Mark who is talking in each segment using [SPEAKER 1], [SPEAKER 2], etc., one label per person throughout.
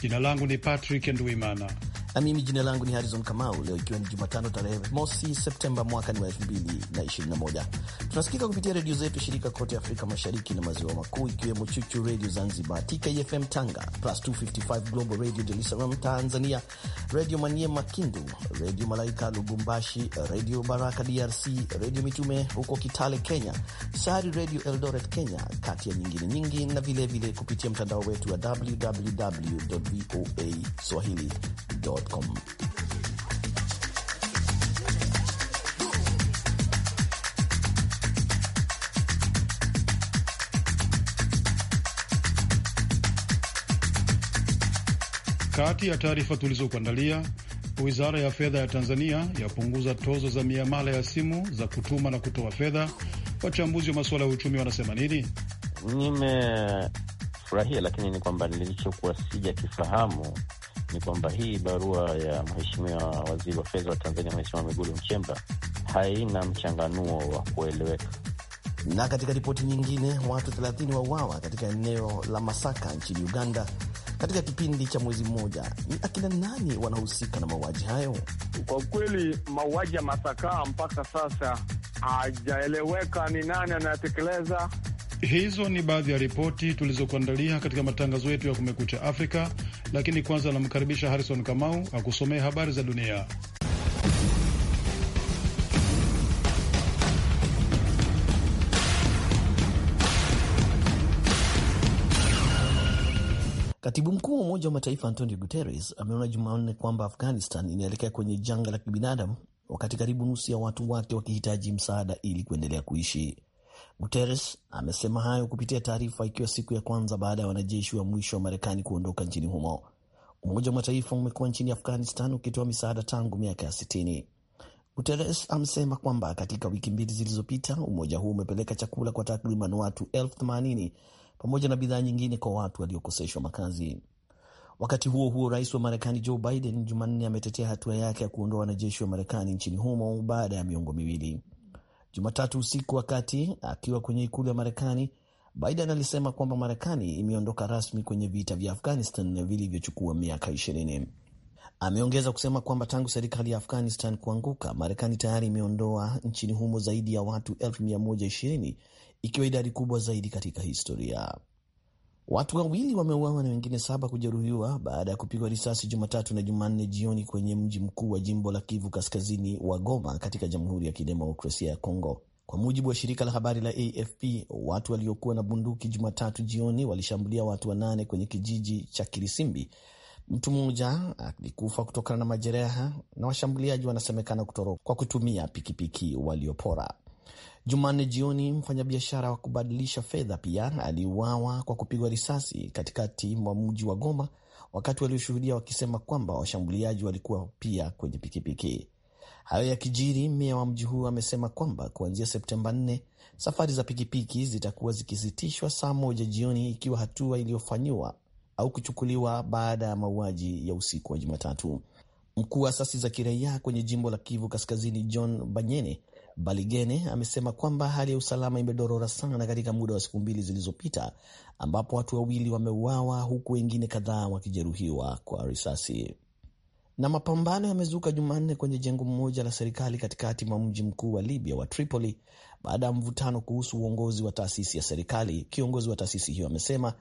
[SPEAKER 1] Jina langu ni Patrick Nduimana na mimi jina langu ni harizon Kamau. Leo ikiwa ni
[SPEAKER 2] Jumatano tarehe mosi Septemba mwaka ni wa 221 tunasikika kupitia redio zetu shirika kote Afrika Mashariki na Maziwa Makuu, ikiwemo Chuchu Redio Zanzibar, TKFM Tanga, Plus 255 Global Radio Dar es Salaam Tanzania, Redio Maniema Kindu, Redio Malaika Lubumbashi, Redio Baraka DRC, Redio Mitume huko Kitale Kenya, Sari Redio Eldoret Kenya, kati ya nyingine nyingi, na vilevile vile kupitia mtandao wetu wa www voa swahili gmail.com.
[SPEAKER 1] Kati ya taarifa tulizokuandalia, wizara ya fedha ya Tanzania yapunguza tozo za miamala ya simu za kutuma na kutoa fedha. Wachambuzi wa masuala ya uchumi wanasema nini?
[SPEAKER 3] Nimefurahia, lakini ni kwamba nilichokuwa sijakifahamu ni kwamba hii barua ya mheshimiwa waziri wa fedha wa Tanzania, Mheshimiwa Mwigulu Nchemba haina mchanganuo wa kueleweka.
[SPEAKER 2] Na katika ripoti nyingine, watu 30 wauawa katika eneo la Masaka nchini Uganda katika kipindi cha mwezi mmoja. Ni akina nani wanahusika na mauaji hayo? Kwa kweli
[SPEAKER 4] mauaji ya Masaka mpaka sasa hajaeleweka ni nani
[SPEAKER 1] anayetekeleza. Hizo ni baadhi ya ripoti tulizokuandalia katika matangazo yetu ya Kumekucha Afrika lakini kwanza anamkaribisha Harrison Kamau akusomee habari za dunia.
[SPEAKER 2] Katibu mkuu wa Umoja wa Mataifa Antonio Guterres ameona Jumanne kwamba Afghanistan inaelekea kwenye janga la kibinadamu, wakati karibu nusu ya watu wake wakihitaji msaada ili kuendelea kuishi. Guterres amesema hayo kupitia taarifa ikiwa siku ya kwanza baada ya wanajeshi wa mwisho wa Marekani kuondoka nchini humo. Umoja wa Mataifa umekuwa nchini Afghanistan ukitoa misaada tangu miaka ya 60. Guterres amesema kwamba katika wiki mbili zilizopita umoja huu umepeleka chakula kwa takriban watu elfu themanini pamoja na bidhaa nyingine kwa watu waliokoseshwa makazi. Wakati huo huo, rais wa Marekani Joe Biden Jumanne ametetea hatua yake ya kuondoa wanajeshi wa Marekani nchini humo baada ya miongo miwili. Jumatatu usiku wakati akiwa kwenye ikulu ya Marekani, Biden alisema kwamba Marekani imeondoka rasmi kwenye vita vya Afghanistan vilivyochukua miaka ishirini. Ameongeza kusema kwamba tangu serikali ya Afghanistan kuanguka, Marekani tayari imeondoa nchini humo zaidi ya watu 120,000 ikiwa idadi kubwa zaidi katika historia. Watu wawili wameuawa na wengine saba kujeruhiwa baada ya kupigwa risasi Jumatatu na Jumanne jioni kwenye mji mkuu wa jimbo la Kivu Kaskazini wa Goma katika Jamhuri ya Kidemokrasia ya Kongo. Kwa mujibu wa shirika la habari la AFP, watu waliokuwa na bunduki Jumatatu jioni walishambulia watu wanane kwenye kijiji cha Kirisimbi. Mtu mmoja alikufa kutokana na majeraha na washambuliaji wanasemekana kutoroka kwa kutumia pikipiki waliopora. Jumanne jioni mfanyabiashara wa kubadilisha fedha pia aliuawa kwa kupigwa risasi katikati mwa mji wa Goma, wakati walioshuhudia wakisema kwamba washambuliaji walikuwa pia kwenye pikipiki. Hayo ya kijiri, meya wa mji huu amesema kwamba kuanzia Septemba 4 safari za pikipiki zitakuwa zikisitishwa saa moja jioni, ikiwa hatua iliyofanyiwa au kuchukuliwa baada ya mauaji ya usiku wa Jumatatu. Mkuu wa asasi za kiraia kwenye jimbo la Kivu Kaskazini, John Banyene, Baligene amesema kwamba hali ya usalama imedorora sana katika muda wa siku mbili zilizopita, ambapo watu wawili wameuawa huku wengine kadhaa wakijeruhiwa kwa risasi. Na mapambano yamezuka Jumanne kwenye jengo mmoja la serikali katikati mwa mji mkuu wa Libya wa Tripoli baada ya mvutano kuhusu uongozi wa taasisi ya serikali, kiongozi wa taasisi hiyo amesema,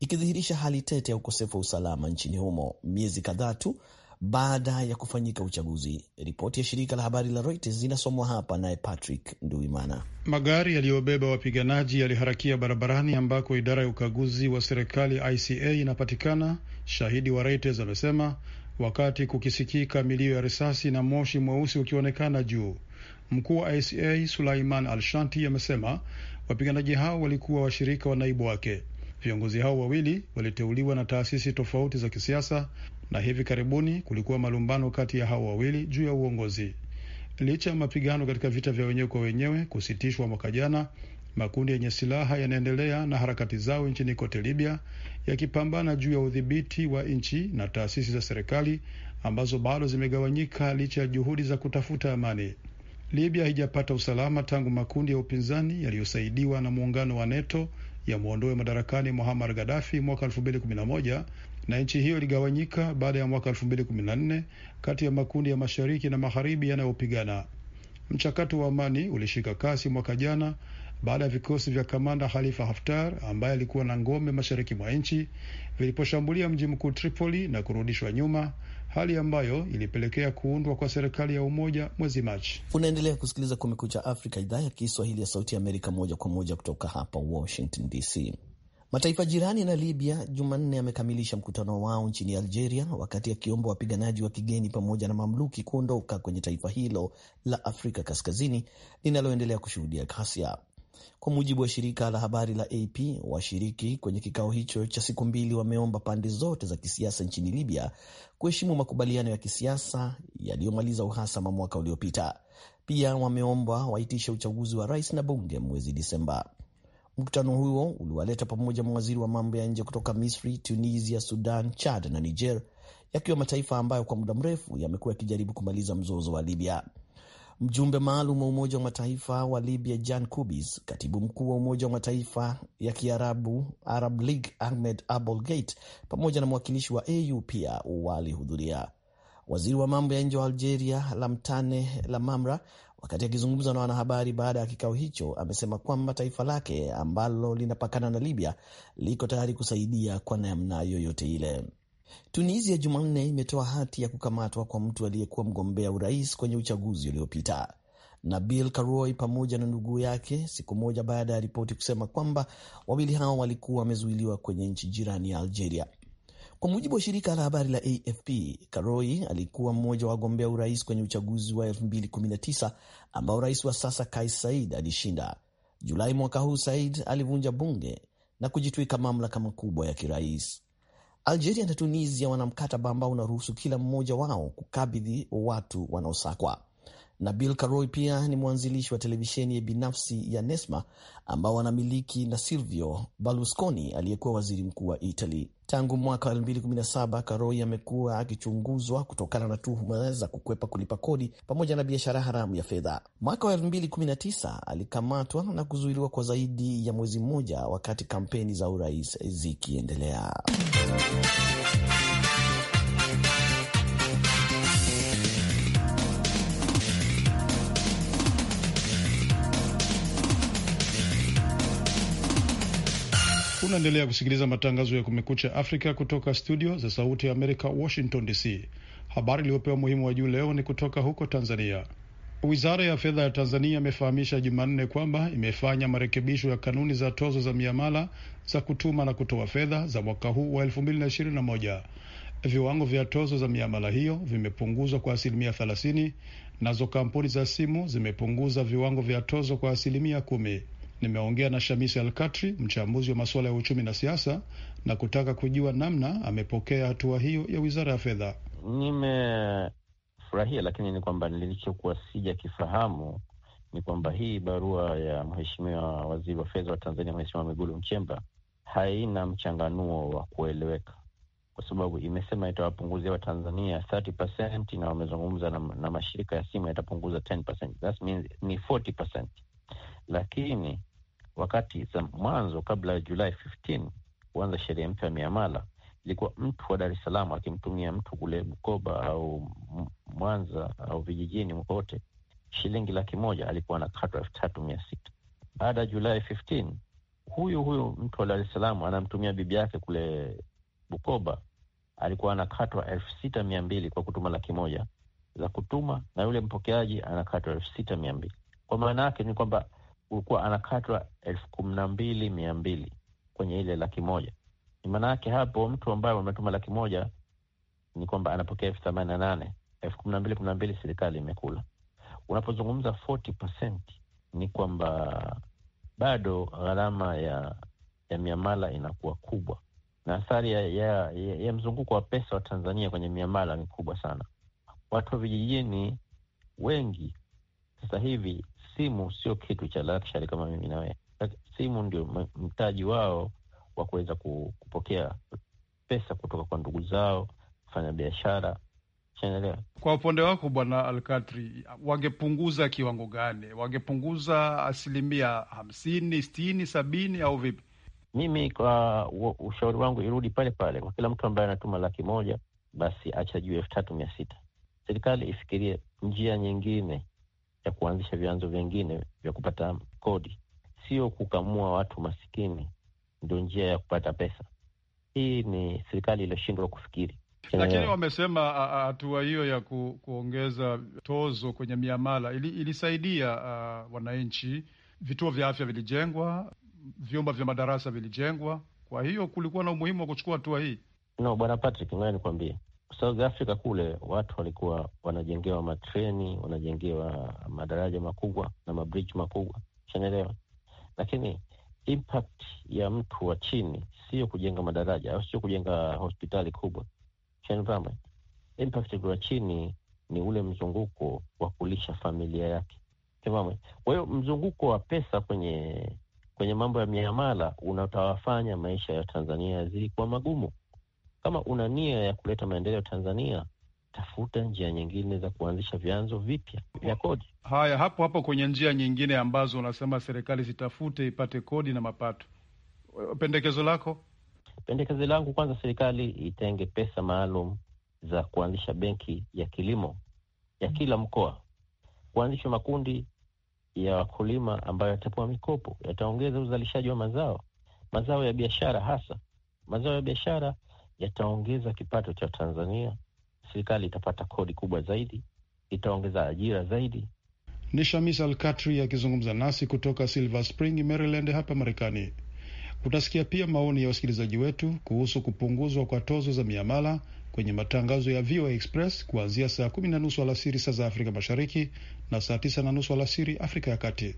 [SPEAKER 2] ikidhihirisha hali tete ya ukosefu wa usalama nchini humo, miezi kadhaa tu baada ya kufanyika uchaguzi. Ripoti ya shirika la habari la Reuters zinasomwa hapa naye Patrick Nduimana.
[SPEAKER 1] Magari yaliyobeba wapiganaji yaliharakia barabarani ambako idara ya ukaguzi wa serikali ICA inapatikana, shahidi wa Reuters amesema, wakati kukisikika milio ya risasi na moshi mweusi ukionekana juu. Mkuu wa ICA Sulaiman Alshanti amesema wapiganaji hao walikuwa washirika wa naibu wake. Viongozi hao wawili waliteuliwa na taasisi tofauti za kisiasa na hivi karibuni kulikuwa malumbano kati ya hao wawili juu ya uongozi. Licha ya mapigano katika vita vya wenyewe kwa wenyewe kusitishwa mwaka jana, makundi yenye silaha yanaendelea na harakati zao nchini kote Libya, yakipambana juu ya udhibiti wa nchi na taasisi za serikali ambazo bado zimegawanyika licha ya juhudi za kutafuta amani. Libya haijapata usalama tangu makundi ya upinzani yaliyosaidiwa na muungano wa NATO yamwondoe madarakani Muammar Gaddafi mwaka na nchi hiyo iligawanyika baada ya mwaka 2014 kati ya makundi ya mashariki na magharibi yanayopigana. Mchakato wa amani ulishika kasi mwaka jana baada ya vikosi vya kamanda Khalifa Haftar ambaye alikuwa na ngome mashariki mwa nchi viliposhambulia mji mkuu Tripoli na kurudishwa nyuma, hali ambayo ilipelekea kuundwa kwa serikali ya umoja mwezi Machi. Unaendelea kusikiliza Kumekucha Afrika, idhaa ya Kiswahili ya Sauti ya Amerika, moja kwa moja
[SPEAKER 2] kutoka hapa Washington DC. Mataifa jirani na Libya Jumanne yamekamilisha mkutano wao nchini Algeria, wakati akiomba wapiganaji wa kigeni pamoja na mamluki kuondoka kwenye taifa hilo la Afrika kaskazini linaloendelea kushuhudia ghasia. Kwa mujibu wa shirika la habari la AP, washiriki kwenye kikao hicho cha siku mbili wameomba pande zote za kisiasa nchini Libya kuheshimu makubaliano ya kisiasa yaliyomaliza uhasama mwaka uliopita. Pia wameomba waitishe uchaguzi wa rais na bunge mwezi Disemba. Mkutano huo uliwaleta pamoja mawaziri wa mambo ya nje kutoka Misri, Tunisia, Sudan, Chad na Niger, yakiwa mataifa ambayo kwa muda mrefu yamekuwa yakijaribu kumaliza mzozo wa Libya. Mjumbe maalum wa Umoja wa Mataifa wa Libya Jan Kubis, katibu mkuu wa Umoja wa Mataifa ya Kiarabu Arab League Ahmed Abol Gate pamoja na mwakilishi wa AU pia walihudhuria. Waziri wa mambo ya nje wa Algeria Lamtane Lamamra Wakati akizungumza na wanahabari baada ya kikao hicho, amesema kwamba taifa lake ambalo linapakana na Libya liko tayari kusaidia kwa namna yoyote ile. Tunisia Jumanne imetoa hati ya kukamatwa kwa mtu aliyekuwa mgombea urais kwenye uchaguzi uliopita Nabil Karoui pamoja na ndugu yake, siku moja baada ya ripoti kusema kwamba wawili hao walikuwa wamezuiliwa kwenye nchi jirani ya Algeria. Kwa mujibu wa shirika la habari la AFP, Karoi alikuwa mmoja wa wagombea urais kwenye uchaguzi wa 2019 ambao rais wa sasa Kais Said alishinda. Julai mwaka huu, Said alivunja bunge na kujitwika mamlaka makubwa ya kirais. Algeria na Tunisia wana mkataba ambao unaruhusu kila mmoja wao kukabidhi watu wanaosakwa. Bill Caroy pia ni mwanzilishi wa televisheni binafsi ya Nesma ambao wanamiliki na Silvio Berlusconi aliyekuwa waziri mkuu wa Italy. Tangu mwaka wa 2017 Caroy amekuwa akichunguzwa kutokana na tuhuma za kukwepa kulipa kodi pamoja na biashara haramu ya fedha. Mwaka wa 2019 alikamatwa na kuzuiliwa kwa zaidi ya mwezi mmoja wakati kampeni za urais zikiendelea.
[SPEAKER 1] Unaendelea kusikiliza matangazo ya Kumekucha Afrika kutoka studio za Sauti ya Amerika, Washington DC. Habari iliyopewa umuhimu wa juu leo ni kutoka huko Tanzania. Wizara ya Fedha ya Tanzania imefahamisha Jumanne kwamba imefanya marekebisho ya kanuni za tozo za miamala za kutuma na kutoa fedha za mwaka huu wa 2021. Viwango vya tozo za miamala hiyo vimepunguzwa kwa asilimia 30, nazo kampuni za simu zimepunguza viwango vya tozo kwa asilimia kumi. Nimeongea na Shamis Alkatri, mchambuzi wa masuala ya uchumi na siasa, na kutaka kujua namna amepokea hatua hiyo ya wizara ya fedha.
[SPEAKER 3] Nimefurahia, lakini ni kwamba nilichokuwa sijakifahamu ni kwamba hii barua ya mheshimiwa waziri wa fedha wa Tanzania, Mheshimiwa Mwigulu Nchemba, haina mchanganuo wa kueleweka, kwa sababu imesema itawapunguzia Watanzania 30% na wamezungumza na, na mashirika ya simu yatapunguza 10%, that means ni 40%, lakini wakati za mwanzo kabla ya Julai 15 kuanza sheria mpya ya miamala, ilikuwa mtu wa Dar es Salaam akimtumia mtu kule Bukoba au Mwanza au vijijini mkote shilingi laki moja alikuwa anakatwa elfu tatu mia sita. Baada ya Julai 15 huyu huyu mtu wa Dar es Salaam anamtumia bibi yake kule Bukoba alikuwa anakatwa elfu sita mia mbili kwa kutuma laki moja za kutuma, na yule mpokeaji anakatwa elfu sita mia mbili Kwa maana yake ni kwamba ulikuwa anakatwa elfu kumi na mbili mia mbili kwenye ile laki moja. Maana yake hapo mtu ambaye umetuma laki moja ni kwamba anapokea elfu themanini na nane elfu kumi na mbili kumi na mbili serikali imekula. Unapozungumza 40% ni kwamba bado gharama ya ya miamala inakuwa kubwa na athari ya, ya, ya, ya mzunguko wa pesa wa Tanzania kwenye miamala ni kubwa sana. Watu wa vijijini wengi sasa hivi simu sio kitu cha luxury kama mimi na wewe. Simu ndio mtaji wao wa kuweza kupokea pesa kutoka kwa ndugu zao, kufanya biashara.
[SPEAKER 1] Kwa upande wako Bwana Alkatri, wangepunguza kiwango gani? Wangepunguza asilimia hamsini, sitini, sabini au vipi?
[SPEAKER 3] Mimi kwa ushauri wangu irudi pale pale kwa kila mtu ambaye anatuma laki moja basi acha juu elfu tatu mia sita. Serikali ifikirie njia nyingine ya kuanzisha vyanzo vingine vya kupata kodi, sio kukamua watu masikini ndio njia ya kupata pesa. Hii ni serikali iliyoshindwa
[SPEAKER 2] kufikiri. Lakini
[SPEAKER 1] wamesema hatua hiyo ya ku, kuongeza tozo kwenye miamala ili, ilisaidia uh, wananchi. Vituo vya afya vilijengwa, vyumba vya madarasa vilijengwa, kwa hiyo kulikuwa na umuhimu wa kuchukua hatua hii. No, Bwana Patrick, ngoja nikwambie,
[SPEAKER 3] South Africa kule watu walikuwa wanajengewa matreni, wanajengewa madaraja makubwa na mabridge makubwa, shanaelewa. Lakini impact ya mtu wa chini sio kujenga madaraja au sio kujenga hospitali kubwa, shanaelewa. Impact ya chini ni ule mzunguko wa kulisha familia yake. Kwa hiyo mzunguko wa pesa kwenye kwenye mambo ya miamala unatawafanya maisha ya Tanzania yazidi kuwa magumu. Kama una nia ya kuleta maendeleo Tanzania, tafuta njia nyingine za kuanzisha vyanzo vipya
[SPEAKER 1] vya kodi. Haya, hapo hapo kwenye njia nyingine ambazo unasema serikali zitafute ipate kodi na mapato, pendekezo lako? Pendekezo langu, kwanza serikali itenge
[SPEAKER 3] pesa maalum za kuanzisha benki ya kilimo ya kila mkoa, kuanzishwa makundi ya wakulima ambayo yatapewa mikopo, yataongeza uzalishaji wa mazao, mazao ya biashara, hasa mazao ya biashara yataongeza kipato cha Tanzania, serikali itapata kodi kubwa zaidi, itaongeza ajira
[SPEAKER 1] zaidi. Ni Shamis Alkatri akizungumza nasi kutoka Silver Spring, Maryland, hapa Marekani. Utasikia pia maoni ya wasikilizaji wetu kuhusu kupunguzwa kwa tozo za miamala kwenye matangazo ya VOA Express kuanzia saa kumi na nusu alasiri saa za Afrika Mashariki na saa tisa na nusu alasiri Afrika ya Kati.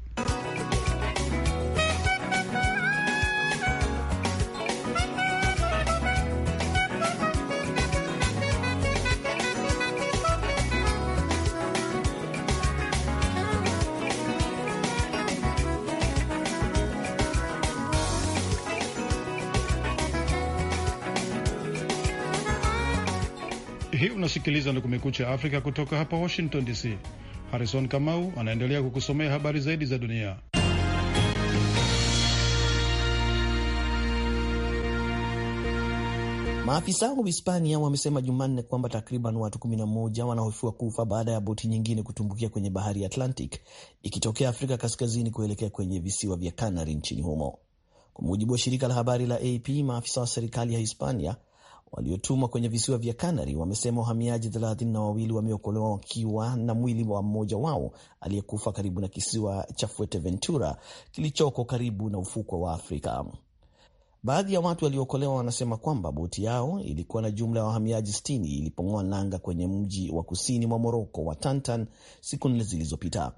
[SPEAKER 1] Unasikiliza ni Kumekucha Afrika kutoka hapa Washington DC. Harrison Kamau anaendelea kukusomea habari zaidi za dunia. Maafisa wa
[SPEAKER 2] Hispania wamesema Jumanne kwamba takriban watu 11 wanahofiwa kufa baada ya boti nyingine kutumbukia kwenye bahari ya Atlantic ikitokea Afrika kaskazini kuelekea kwenye visiwa vya kanari nchini humo. Kwa mujibu wa shirika la habari la AP, maafisa wa serikali ya Hispania waliotumwa kwenye visiwa vya Kanari wamesema wahamiaji thelathini na wawili wameokolewa wakiwa na mwili wa mmoja wao aliyekufa karibu na kisiwa cha Fuerteventura kilichoko karibu na ufukwe wa Afrika. Baadhi ya watu waliookolewa wanasema kwamba boti yao ilikuwa na jumla ya wahamiaji sitini ilipong'oa nanga kwenye mji wa kusini mwa Moroko wa Tantan siku nne zilizopita.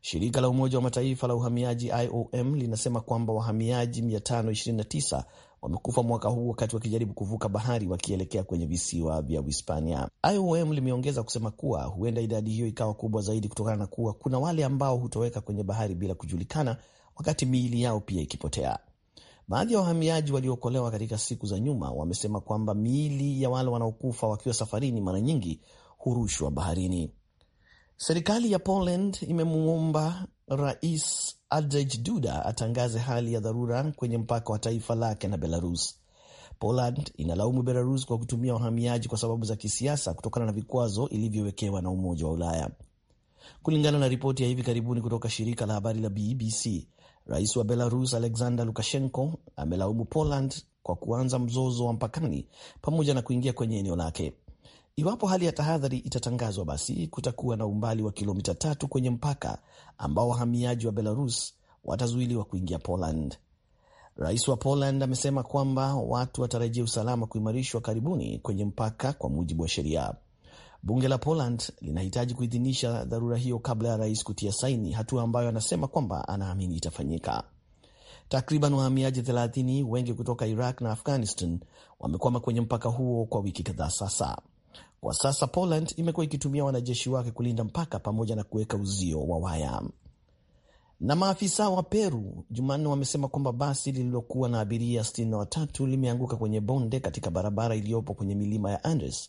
[SPEAKER 2] Shirika la Umoja wa Mataifa la uhamiaji IOM linasema kwamba wahamiaji 529 wamekufa mwaka huu wakati wakijaribu kuvuka bahari wakielekea kwenye visiwa vya Uhispania. IOM limeongeza kusema kuwa huenda idadi hiyo ikawa kubwa zaidi kutokana na kuwa kuna wale ambao hutoweka kwenye bahari bila kujulikana, wakati miili yao pia ikipotea. Baadhi ya wahamiaji waliokolewa katika siku za nyuma wamesema kwamba miili ya wale wanaokufa wakiwa safarini mara nyingi hurushwa baharini. Serikali ya Poland imemuomba Rais Andrzej Duda atangaze hali ya dharura kwenye mpaka wa taifa lake na Belarus. Poland inalaumu Belarus kwa kutumia wahamiaji kwa sababu za kisiasa kutokana na vikwazo ilivyowekewa na Umoja wa Ulaya. Kulingana na ripoti ya hivi karibuni kutoka shirika la habari la BBC, rais wa Belarus Alexander Lukashenko amelaumu Poland kwa kuanza mzozo wa mpakani pamoja na kuingia kwenye eneo lake. Iwapo hali ya tahadhari itatangazwa, basi kutakuwa na umbali wa kilomita tatu kwenye mpaka ambao wahamiaji wa Belarus watazuiliwa kuingia Poland. Rais wa Poland amesema kwamba watu watarajia usalama kuimarishwa karibuni kwenye mpaka kwa mujibu wa sheria. Bunge la Poland linahitaji kuidhinisha dharura hiyo kabla ya rais kutia saini, hatua ambayo anasema kwamba anaamini itafanyika. Takriban wahamiaji 30 wengi kutoka Iraq na Afghanistan wamekwama kwenye mpaka huo kwa wiki kadhaa sasa. Kwa sasa Poland imekuwa ikitumia wanajeshi wake kulinda mpaka pamoja na kuweka uzio wa waya. Na maafisa wa Peru Jumanne wamesema kwamba basi lililokuwa na abiria 63 limeanguka kwenye bonde katika barabara iliyopo kwenye milima ya Andes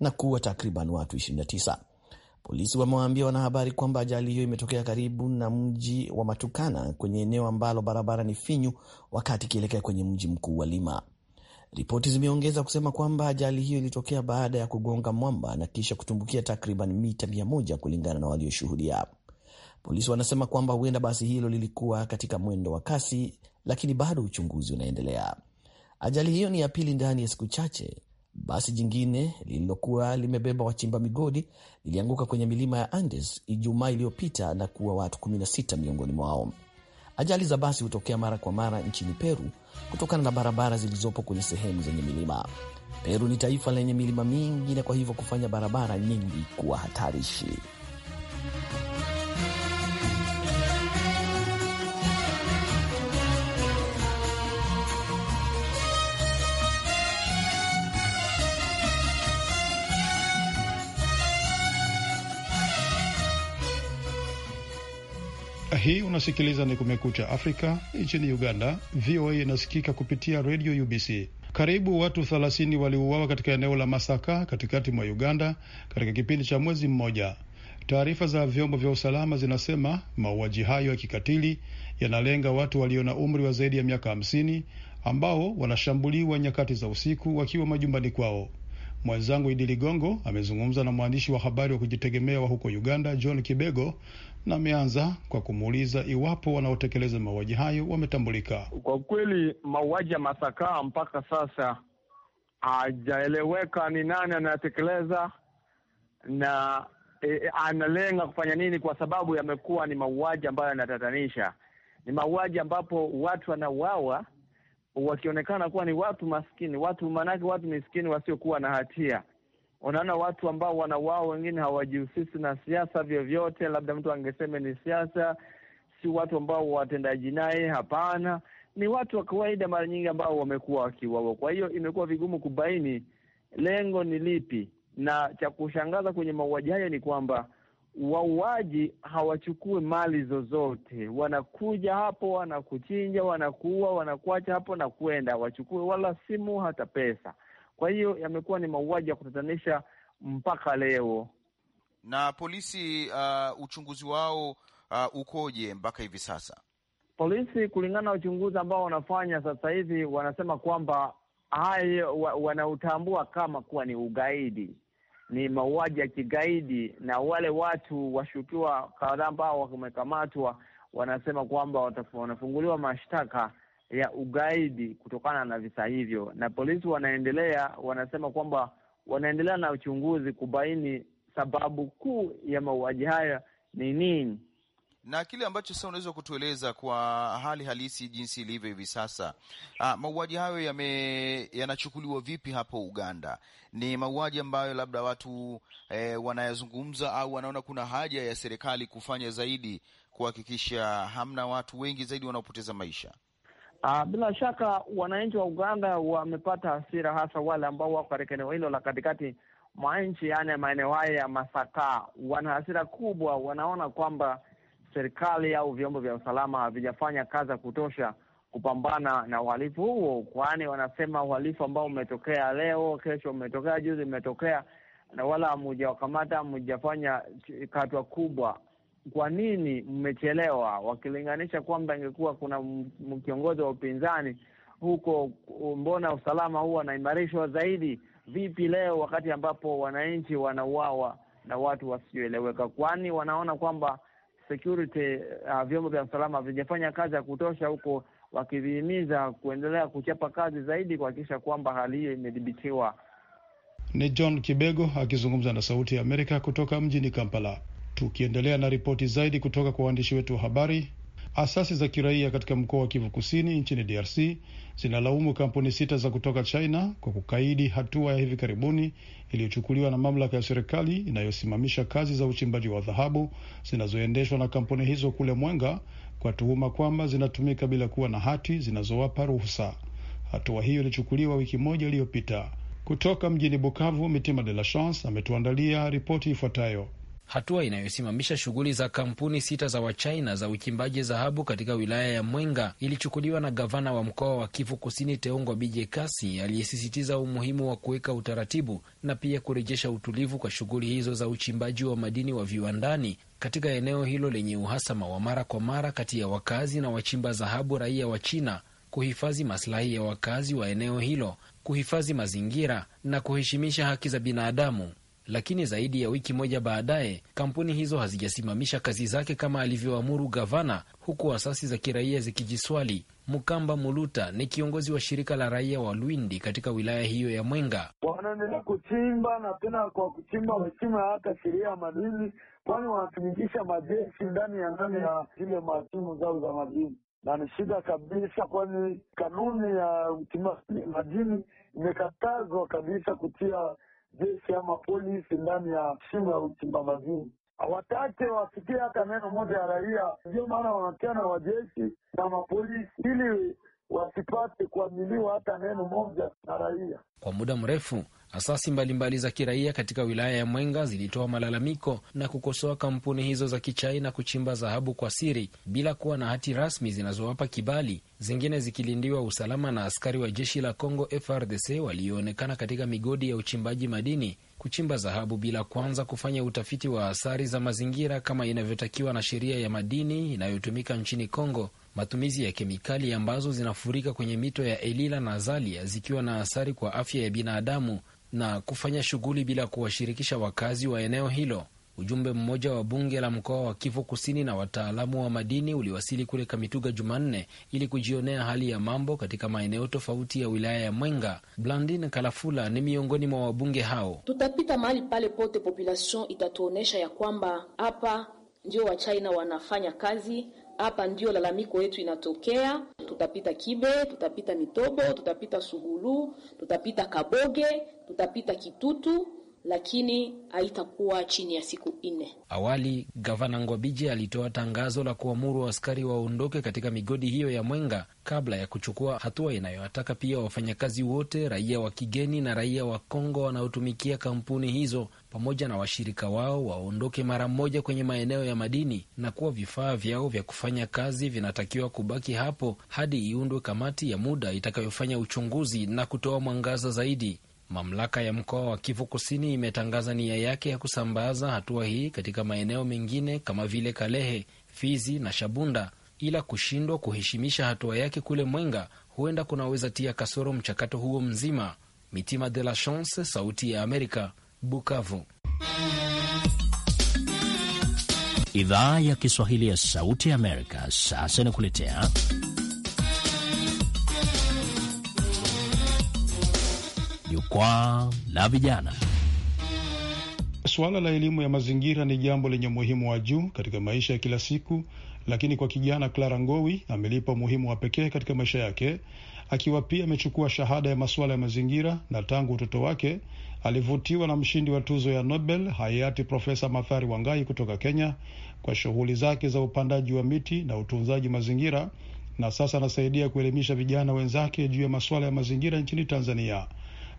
[SPEAKER 2] na kuua takriban watu 29. Polisi wamewaambia wanahabari kwamba ajali hiyo imetokea karibu na mji wa Matukana kwenye eneo ambalo barabara ni finyu wakati ikielekea kwenye mji mkuu wa Lima. Ripoti zimeongeza kusema kwamba ajali hiyo ilitokea baada ya kugonga mwamba na kisha kutumbukia takriban mita mia moja kulingana na walioshuhudia. Polisi wanasema kwamba huenda basi hilo lilikuwa katika mwendo wa kasi, lakini bado uchunguzi unaendelea. Ajali hiyo ni ya pili ndani ya siku chache. Basi jingine lililokuwa limebeba wachimba migodi lilianguka kwenye milima ya Andes Ijumaa iliyopita na kuwa watu 16 miongoni mwao. Ajali za basi hutokea mara kwa mara nchini Peru kutokana na barabara zilizopo kwenye sehemu zenye milima. Peru ni taifa lenye milima mingi na kwa hivyo kufanya barabara nyingi kuwa hatarishi.
[SPEAKER 1] hii unasikiliza ni Kumekucha Afrika. Nchini Uganda, VOA inasikika kupitia redio UBC. Karibu watu 30 waliuawa katika eneo la Masaka katikati mwa Uganda katika kipindi cha mwezi mmoja. Taarifa za vyombo vya usalama zinasema mauaji hayo ya kikatili yanalenga watu walio na umri wa zaidi ya miaka hamsini ambao wanashambuliwa nyakati za usiku wakiwa majumbani kwao. Mwenzangu Idi Ligongo amezungumza na mwandishi wa habari wa kujitegemea wa huko Uganda, John Kibego, na ameanza kwa kumuuliza iwapo wanaotekeleza mauaji hayo wametambulika.
[SPEAKER 4] Kwa kweli mauaji ya Masaka mpaka sasa hajaeleweka ni nani anayotekeleza na e, e, analenga kufanya nini, kwa sababu yamekuwa ni mauaji ambayo yanatatanisha. Ni mauaji ambapo watu wanauawa wakionekana kuwa ni watu maskini, watu maanake watu miskini wasiokuwa na hatia. Unaona watu ambao wana wao wengine hawajihusishi na siasa vyovyote, labda mtu angeseme ni siasa, si watu ambao watenda jinai, hapana, ni watu wa kawaida mara nyingi ambao wamekuwa wakiuawa. Kwa hiyo imekuwa vigumu kubaini lengo ni lipi, na cha kushangaza kwenye mauaji hayo ni kwamba wauaji hawachukui mali zozote, wanakuja hapo, wanakuchinja, wanakuua, wanakuacha hapo na kwenda, wachukue wala simu hata pesa. Kwa hiyo yamekuwa ni mauaji ya kutatanisha mpaka leo.
[SPEAKER 2] Na polisi uh, uchunguzi wao uh, ukoje mpaka hivi sasa?
[SPEAKER 4] Polisi kulingana na uchunguzi ambao wanafanya sasa hivi wanasema kwamba hayo wanautambua kama kuwa ni ugaidi ni mauaji ya kigaidi, na wale watu washukiwa kadhaa ambao wamekamatwa wanasema kwamba wanafunguliwa mashtaka ya ugaidi kutokana na visa hivyo, na polisi wanaendelea, wanasema kwamba wanaendelea na uchunguzi kubaini sababu kuu ya mauaji haya ni nini
[SPEAKER 2] na kile ambacho sasa unaweza kutueleza kwa hali halisi jinsi ilivyo hivi sasa, ah, mauaji hayo yame yanachukuliwa vipi hapo Uganda? Ni mauaji ambayo labda watu e, wanayazungumza au wanaona kuna haja ya serikali kufanya zaidi kuhakikisha hamna watu wengi zaidi wanaopoteza maisha?
[SPEAKER 4] Aa, ah, bila shaka wananchi wa Uganda wamepata hasira, hasa wale ambao wako katika eneo hilo la katikati mwa nchi, yaani maeneo haya ya Masaka, wana hasira kubwa, wanaona kwamba serikali au vyombo vya usalama havijafanya kazi ya kutosha kupambana na uhalifu huo, kwani wanasema uhalifu ambao umetokea leo, kesho umetokea, juzi umetokea, na wala hamujawakamata, hamujafanya katwa kubwa. Kwa nini mmechelewa? Wakilinganisha kwamba ingekuwa kuna kiongozi wa upinzani huko, mbona usalama huo wanaimarishwa zaidi? Vipi leo wakati ambapo wananchi wanauawa na watu wasioeleweka? Kwani wanaona kwamba security uh, vyombo vya usalama havijafanya kazi ya kutosha huko, wakivihimiza kuendelea kuchapa kazi zaidi kuhakikisha kwamba hali hiyo imedhibitiwa.
[SPEAKER 1] Ni John Kibego akizungumza na Sauti ya Amerika kutoka mjini Kampala. Tukiendelea na ripoti zaidi kutoka kwa waandishi wetu wa habari, Asasi za kiraia katika mkoa wa Kivu Kusini nchini DRC zinalaumu kampuni sita za kutoka China kwa kukaidi hatua ya hivi karibuni iliyochukuliwa na mamlaka ya serikali inayosimamisha kazi za uchimbaji wa dhahabu zinazoendeshwa na kampuni hizo kule Mwenga kwa tuhuma kwamba zinatumika bila kuwa na hati zinazowapa ruhusa. Hatua hiyo ilichukuliwa wiki moja iliyopita. Kutoka mjini Bukavu, Mitima de la Chance ametuandalia ripoti ifuatayo
[SPEAKER 5] hatua inayosimamisha shughuli za kampuni sita za Wachina za uchimbaji dhahabu katika wilaya ya Mwenga ilichukuliwa na gavana wa mkoa wa Kivu Kusini Teungwa Bije Kasi aliyesisitiza umuhimu wa kuweka utaratibu na pia kurejesha utulivu kwa shughuli hizo za uchimbaji wa madini wa viwandani katika eneo hilo lenye uhasama wa mara kwa mara kati ya wakazi na wachimba dhahabu raia wa China, kuhifadhi maslahi ya wakazi wa eneo hilo, kuhifadhi mazingira na kuheshimisha haki za binadamu lakini zaidi ya wiki moja baadaye kampuni hizo hazijasimamisha kazi zake kama alivyoamuru gavana, huku asasi za kiraia zikijiswali. Mkamba Muluta ni kiongozi wa shirika la raia wa Lwindi katika wilaya hiyo ya Mwenga. Wanaendelea
[SPEAKER 4] kuchimba na tena kwa kuchimba wachima hata sheria ya madini, kwani wanatumikisha majeshi ndani ya ndani ya zile matimu zao za madini na ni shida kabisa, kwani kanuni ya madini imekatazwa kabisa kutia jeshi ama polisi ndani ya shimo ya uchimba madini hawatake wafikie hata neno moja ya raia. Ndio maana wanatia na wajeshi na mapolisi ili wasipate kuamiliwa hata neno moja na raia
[SPEAKER 5] kwa muda mrefu. Asasi mbalimbali za kiraia katika wilaya ya Mwenga zilitoa malalamiko na kukosoa kampuni hizo za kichaina kuchimba dhahabu kwa siri bila kuwa na hati rasmi zinazowapa kibali, zingine zikilindiwa usalama na askari wa jeshi la Congo FRDC walioonekana katika migodi ya uchimbaji madini kuchimba dhahabu bila kwanza kufanya utafiti wa athari za mazingira kama inavyotakiwa na sheria ya madini inayotumika nchini Congo. Matumizi ya kemikali ambazo zinafurika kwenye mito ya Elila na Zalia zikiwa na athari kwa afya ya binadamu na kufanya shughuli bila kuwashirikisha wakazi wa eneo hilo. Ujumbe mmoja wa bunge la mkoa wa Kivu Kusini na wataalamu wa madini uliwasili kule Kamituga Jumanne ili kujionea hali ya mambo katika maeneo tofauti ya wilaya ya Mwenga. Blandin Kalafula ni miongoni mwa wabunge hao.
[SPEAKER 6] Tutapita mahali pale pote, population itatuonyesha ya kwamba hapa ndio china wanafanya kazi hapa ndio lalamiko yetu inatokea. Tutapita Kibe, tutapita Mitobo, tutapita Sugulu, tutapita Kaboge, tutapita Kitutu lakini haitakuwa chini ya siku nne.
[SPEAKER 5] Awali gavana ngwabiji alitoa tangazo la kuamuru askari waondoke katika migodi hiyo ya Mwenga kabla ya kuchukua hatua inayowataka pia wafanyakazi wote, raia wa kigeni na raia wa Kongo wanaotumikia kampuni hizo pamoja na washirika wao waondoke mara moja kwenye maeneo ya madini, na kuwa vifaa vyao vya kufanya kazi vinatakiwa kubaki hapo hadi iundwe kamati ya muda itakayofanya uchunguzi na kutoa mwangaza zaidi. Mamlaka ya mkoa wa Kivu Kusini imetangaza nia yake ya kusambaza hatua hii katika maeneo mengine kama vile Kalehe, Fizi na Shabunda, ila kushindwa kuheshimisha hatua yake kule Mwenga huenda kunaweza tia kasoro mchakato huo mzima. Mitima de la Chance, Sauti ya Amerika, Bukavu.
[SPEAKER 3] Idhaa ya Kiswahili ya Sauti ya Amerika sasa inakuletea
[SPEAKER 1] jukwaa la vijana. Suala la elimu ya mazingira ni jambo lenye umuhimu wa juu katika maisha ya kila siku, lakini kwa kijana Clara Ngowi amelipa umuhimu wa pekee katika maisha yake, akiwa pia amechukua shahada ya masuala ya mazingira, na tangu utoto wake alivutiwa na mshindi wa tuzo ya Nobel hayati Profesa Mathari Wangai kutoka Kenya kwa shughuli zake za upandaji wa miti na utunzaji mazingira, na sasa anasaidia kuelimisha vijana wenzake juu ya masuala ya mazingira nchini Tanzania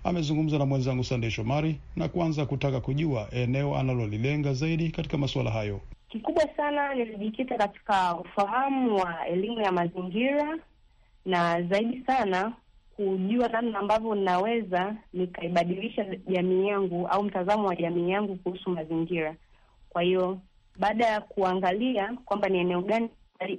[SPEAKER 1] amezungumza na mwenzangu Sandey Shomari na kuanza kutaka kujua eneo analolilenga zaidi katika masuala hayo.
[SPEAKER 6] Kikubwa sana nilijikita katika ufahamu wa elimu ya mazingira na zaidi sana kujua namna ambavyo ninaweza nikaibadilisha jamii yangu au mtazamo wa jamii yangu kuhusu mazingira. Kwa hiyo baada ya kuangalia kwamba ni eneo gani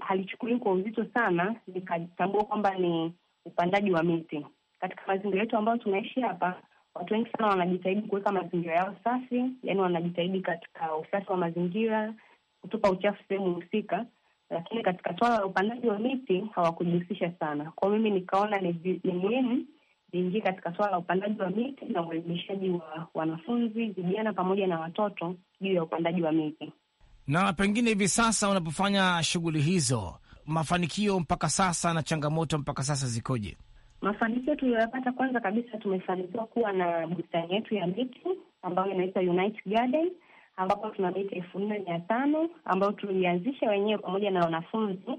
[SPEAKER 6] halichukuliwi kwa uzito sana, nikatambua kwamba ni upandaji wa miti katika mazingira yetu ambayo tunaishi hapa, watu wengi sana wanajitahidi kuweka mazingira yao safi, yani wanajitahidi katika usafi wa mazingira, kutupa uchafu sehemu husika, lakini katika swala la upandaji wa miti hawakujihusisha sana. kwao mimi nikaona ni muhimu niingie katika swala la upandaji wa miti na uelimishaji wa wanafunzi vijana pamoja na watoto juu ya upandaji wa miti.
[SPEAKER 5] Na pengine hivi sasa unapofanya shughuli hizo, mafanikio mpaka sasa na changamoto mpaka sasa zikoje?
[SPEAKER 6] Mafanikio tuliyoyapata, kwanza kabisa, tumefanikiwa kuwa na bustani yetu ya miti ambayo inaitwa Unite Garden ambapo tuna miti elfu nne mia tano ambayo tulianzisha wenyewe pamoja na wanafunzi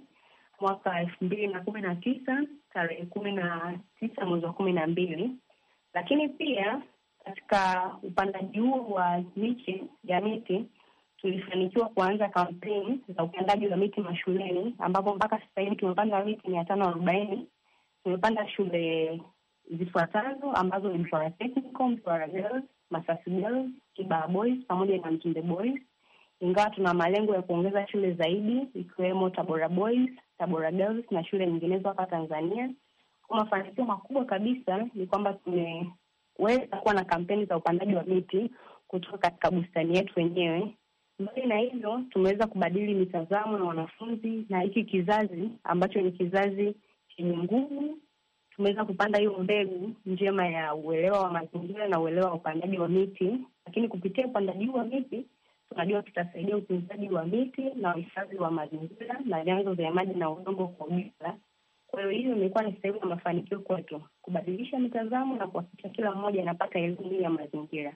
[SPEAKER 6] mwaka elfu mbili na kumi na tisa tarehe kumi na tisa mwezi wa kumi na mbili. Lakini pia katika upandaji huo wa miche ya miti tulifanikiwa kuanza kampeni za upandaji wa miti mashuleni ambapo mpaka sasa hivi tumepanda miti mia tano arobaini Tumepanda shule zifuatazo ambazo ni Mtwara Technical, Mtwara Girls, Masasi Girls, Kibaha Boys pamoja na Mtunde Boys, ingawa tuna malengo ya kuongeza shule zaidi ikiwemo Tabora Boys, Tabora Girls na shule nyinginezo hapa Tanzania. Kwa mafanikio makubwa kabisa ni kwamba tumeweza kuwa na kampeni za upandaji wa miti kutoka katika bustani yetu wenyewe. Mbali na hivyo, tumeweza kubadili mitazamo ya wanafunzi na hiki kizazi ambacho ni kizazi chenye nguvu. Tumeweza kupanda hiyo mbegu njema ya uelewa wa mazingira na uelewa wa upandaji wa miti, lakini kupitia upandaji huu wa miti tunajua tutasaidia utunzaji wa miti na uhifadhi wa mazingira na vyanzo vya maji na udongo kwa ujumla. Kwa hiyo hiyo imekuwa ni sehemu ya mafanikio kwetu kubadilisha mitazamo na kuhakikisha kila mmoja anapata elimu ya mazingira.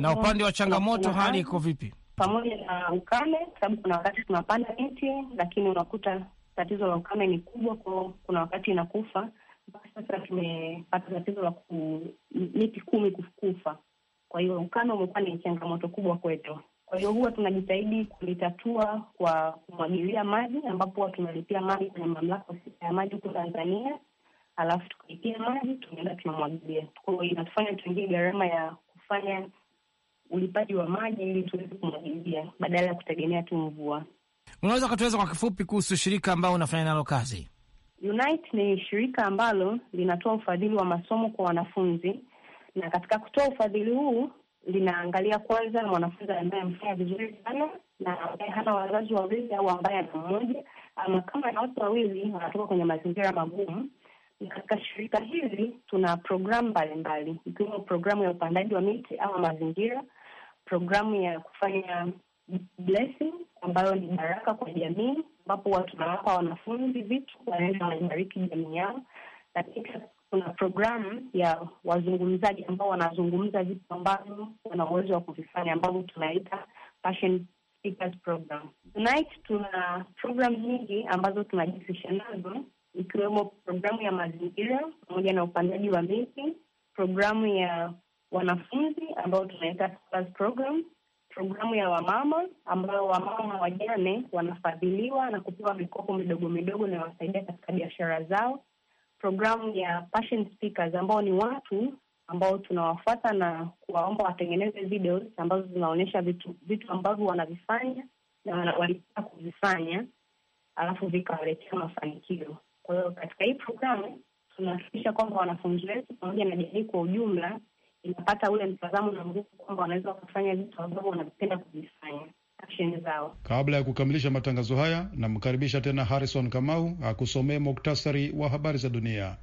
[SPEAKER 6] Na upande wa changamoto, hali iko vipi? Pamoja na ukame, sababu kuna wakati tunapanda miti lakini unakuta tatizo la ukame ni kubwa kwao, kuna wakati inakufa. Mpaka sasa tumepata tatizo la miti kumi kufa. Kwa hiyo ukame umekuwa ni changamoto kubwa kwetu. Kwa hiyo huwa tunajitahidi kulitatua kwa kumwagilia maji, ambapo huwa tunalipia maji kwenye mamlaka husika ya maji huko Tanzania, alafu tukalipia maji, tunaenda tunamwagilia. Kwa hiyo inatufanya tuingie gharama ya kufanya ulipaji wa maji ili tuweze kumwagilia badala ya kutegemea tu mvua.
[SPEAKER 4] Unaweza ukatueleza kwa kifupi kuhusu shirika ambao unafanya nalo kazi?
[SPEAKER 6] Unite ni shirika ambalo linatoa ufadhili wa masomo kwa wanafunzi, na katika kutoa ufadhili huu linaangalia kwanza mwanafunzi ambaye amefanya vizuri sana na ambaye hana wazazi wawili au ambaye ana mmoja ama kama na watu wawili wanatoka kwenye mazingira magumu. Katika shirika hili tuna programu mbalimbali, ikiwemo programu ya upandaji wa miti ama mazingira, programu ya kufanya blessing ambayo ni baraka kwa jamii, ambapo tunawapa wanafunzi vitu, wanaenda wanaibariki jamii yao, lakini kuna programu ya wazungumzaji ambao wanazungumza vitu ambavyo wana uwezo wa kuvifanya ambavyo tunaita passion speakers program. Tonight tuna programu nyingi ambazo tunajihusisha nazo, ikiwemo programu ya mazingira pamoja na upandaji wa miti, programu ya wanafunzi ambao tunaita program programu ya wamama ambayo wamama wajane wanafadhiliwa na kupewa mikopo midogo midogo inayowasaidia katika biashara zao. Programu ya passion speakers ambao ni watu ambao tunawafuata na kuwaomba watengeneze videos ambazo zinaonyesha vitu vitu ambavyo wanavifanya na walitaka kuvifanya, alafu vikawaletea mafanikio. Kwa hiyo katika hii programu tunahakikisha kwamba wanafunzi wetu pamoja na jamii kwa ujumla inapata ule mtazamo na nguvu kwamba wanaweza kufanya vitu ambavyo wanapenda kuvifanya zao.
[SPEAKER 1] Kabla ya kukamilisha matangazo haya, namkaribisha tena Harrison Kamau akusomee muktasari wa habari za dunia.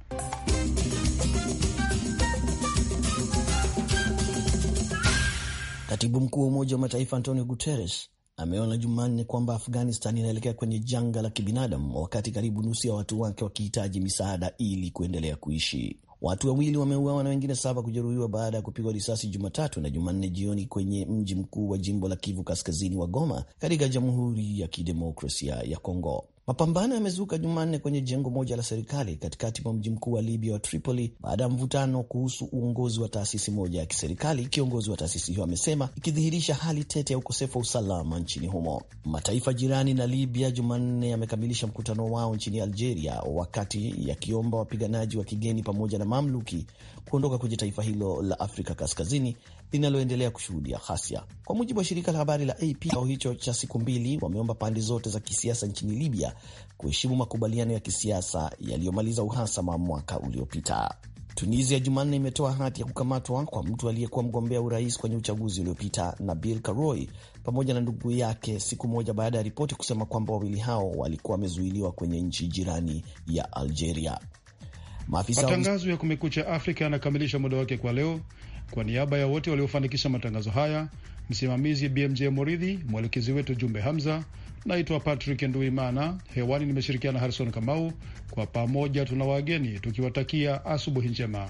[SPEAKER 2] Katibu mkuu wa Umoja wa Mataifa Antonio Guterres ameona Jumanne kwamba Afghanistan inaelekea kwenye janga la kibinadamu, wakati karibu nusu ya watu wake wakihitaji misaada ili kuendelea kuishi. Watu wawili wameuawa na wengine saba kujeruhiwa baada ya kupigwa risasi Jumatatu na Jumanne jioni kwenye mji mkuu wa jimbo la Kivu Kaskazini wa Goma katika Jamhuri ya Kidemokrasia ya Kongo. Mapambano yamezuka Jumanne kwenye jengo moja la serikali katikati mwa mji mkuu wa Libya wa Tripoli baada ya mvutano kuhusu uongozi wa taasisi moja ya kiserikali, kiongozi wa taasisi hiyo amesema, ikidhihirisha hali tete ya ukosefu wa usalama nchini humo. Mataifa jirani na Libya Jumanne yamekamilisha mkutano wao nchini Algeria, wakati yakiomba wapiganaji wa kigeni pamoja na mamluki kuondoka kwenye taifa hilo la Afrika Kaskazini linaloendelea kushuhudia ghasia. Kwa mujibu wa shirika la habari la AP, kikao hicho cha siku mbili wameomba pande zote za kisiasa nchini Libya kuheshimu makubaliano ya kisiasa yaliyomaliza uhasama mwaka uliopita. Tunisia Jumanne imetoa hati ya kukamatwa kwa mtu aliyekuwa mgombea urais kwenye uchaguzi uliopita Nabil Karoui pamoja na ndugu yake, siku moja baada ya ripoti kusema kwamba wawili hao walikuwa wamezuiliwa kwenye nchi jirani ya Algeria. Maafisa matangazo
[SPEAKER 1] ya Kumekucha Afrika yanakamilisha muda wake kwa leo. Kwa niaba ya wote waliofanikisha matangazo haya, msimamizi BMJ Moridhi, mwelekezi wetu Jumbe Hamza. Naitwa Patrick Nduimana, hewani nimeshirikiana Harison Kamau. Kwa pamoja tuna wageni tukiwatakia asubuhi njema.